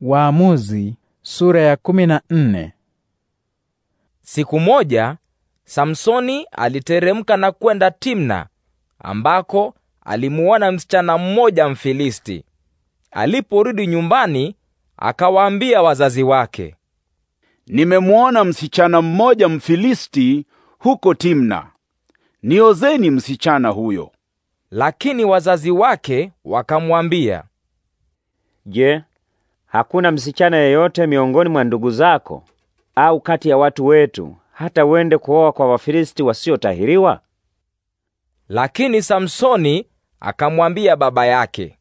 Waamuzi sura ya nne. Siku moja Samsoni aliteremka na kwenda Timna ambako alimuona msichana mmoja Mfilisti. Aliporudi nyumbani, akawaambia wazazi wake, nimemuona msichana mmoja Mfilisti huko Timna, niozeni msichana huyo. Lakini wazazi wake wakamwambia, Je, Hakuna msichana yeyote miongoni mwa ndugu zako au kati ya watu wetu hata wende kuoa kwa Wafilisti wasiotahiriwa? Lakini Samsoni akamwambia baba yake,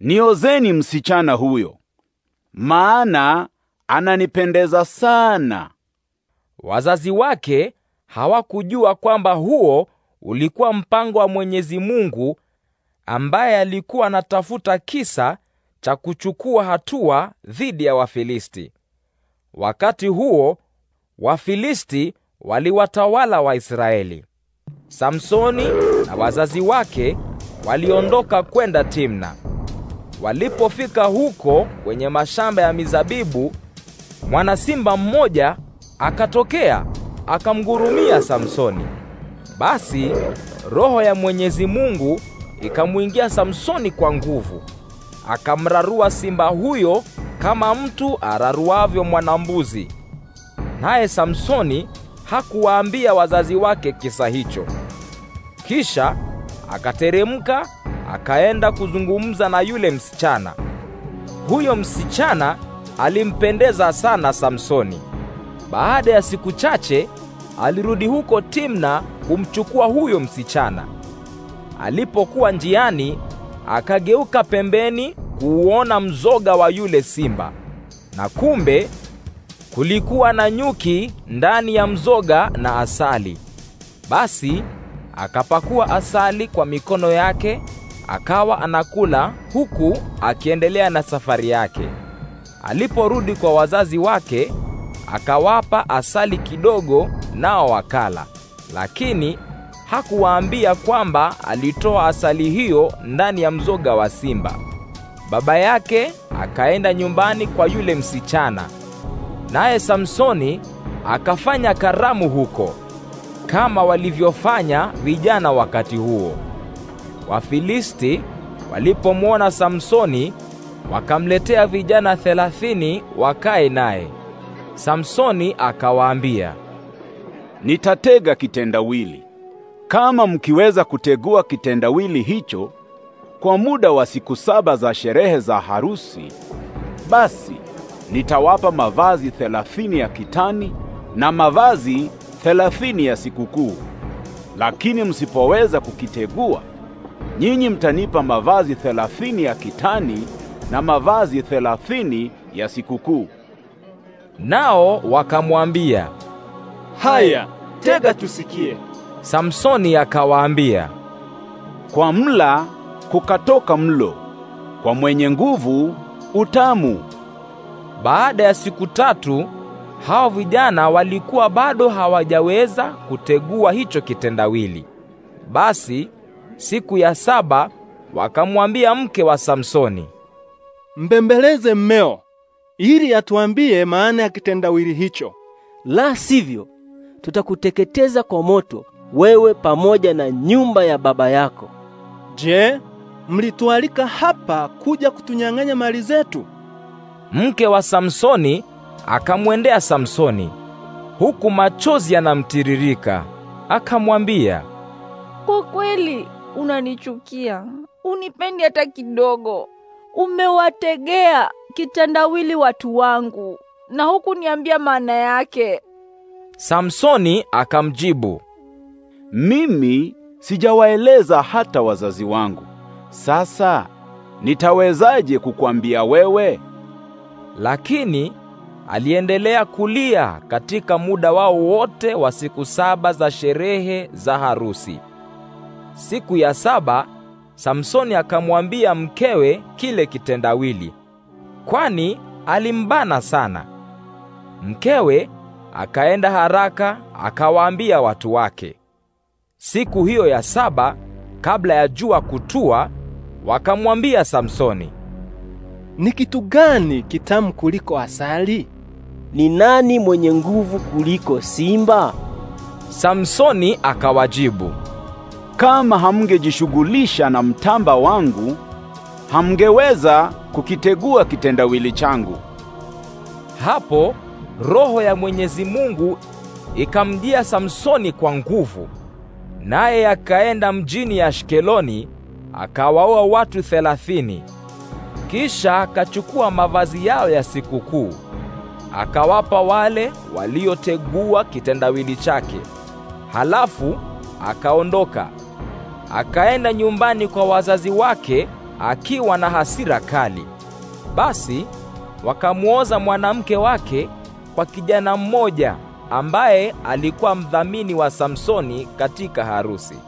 niozeni msichana huyo, maana ananipendeza sana. Wazazi wake hawakujua kwamba huo ulikuwa mpango wa Mwenyezi Mungu ambaye alikuwa anatafuta kisa cha kuchukua hatua dhidi ya Wafilisti. Wakati huo Wafilisti waliwatawala Waisraeli. Samsoni na wazazi wake waliondoka kwenda Timna. Walipofika huko kwenye mashamba ya mizabibu, mwana simba mmoja akatokea akamgurumia Samsoni. Basi roho ya Mwenyezi Mungu ikamwingia Samsoni kwa nguvu akamrarua simba huyo kama mtu araruavyo mwanambuzi. Naye Samsoni hakuwaambia wazazi wake kisa hicho. Kisha akateremka akaenda kuzungumza na yule msichana. Huyo msichana alimpendeza sana Samsoni. Baada ya siku chache alirudi huko Timna kumchukua huyo msichana. Alipokuwa njiani akageuka pembeni kuuona mzoga wa yule simba, na kumbe kulikuwa na nyuki ndani ya mzoga na asali. Basi akapakua asali kwa mikono yake, akawa anakula huku akiendelea na safari yake. Aliporudi kwa wazazi wake, akawapa asali kidogo, nao wakala, lakini hakuwaambia kwamba alitoa asali hiyo ndani ya mzoga wa simba. Baba yake akaenda nyumbani kwa yule msichana, naye Samsoni akafanya karamu huko kama walivyofanya vijana wakati huo. Wafilisti walipomwona Samsoni wakamletea vijana thelathini wakae naye. Samsoni akawaambia, nitatega kitendawili kama mkiweza kutegua kitendawili hicho kwa muda wa siku saba za sherehe za harusi, basi nitawapa mavazi thelathini ya kitani na mavazi thelathini ya sikukuu. Lakini msipoweza kukitegua, nyinyi mtanipa mavazi thelathini ya kitani na mavazi thelathini ya sikukuu. Nao wakamwambia, haya, tega tusikie. Samsoni akawaambia, kwa mla kukatoka mlo, kwa mwenye nguvu utamu. Baada ya siku tatu, hao vijana walikuwa bado hawajaweza kutegua hicho kitendawili. Basi siku ya saba wakamwambia mke wa Samsoni, mbembeleze mmeo ili atuambie maana ya kitendawili hicho, la sivyo tutakuteketeza kwa moto wewe pamoja na nyumba ya baba yako. Je, mlitualika hapa kuja kutunyang'anya mali zetu? Mke wa Samsoni akamwendea Samsoni huku machozi yanamtiririka, akamwambia, kwa kweli unanichukia, unipendi hata kidogo. Umewategea kitandawili watu wangu na hukuniambia maana yake. Samsoni akamjibu, mimi sijawaeleza hata wazazi wangu. Sasa nitawezaje kukwambia wewe? Lakini aliendelea kulia katika muda wao wote wa siku saba za sherehe za harusi. Siku ya saba Samsoni akamwambia mkewe kile kitendawili, kwani alimbana sana. Mkewe akaenda haraka akawaambia watu wake. Siku hiyo ya saba kabla ya jua kutua, wakamwambia Samsoni, ni kitu gani kitamu kuliko asali? Ni nani mwenye nguvu kuliko simba? Samsoni akawajibu, kama hamngejishughulisha na mtamba wangu, hamngeweza kukitegua kitendawili changu. Hapo roho ya Mwenyezi Mungu ikamjia Samsoni kwa nguvu, naye akaenda mjini Ashkeloni akawaoa watu thelathini. Kisha akachukua mavazi yao ya sikukuu akawapa wale waliotegua kitendawili chake. Halafu akaondoka akaenda nyumbani kwa wazazi wake akiwa na hasira kali. Basi wakamwoza mwanamke wake kwa kijana mmoja ambaye alikuwa mdhamini wa Samsoni katika harusi.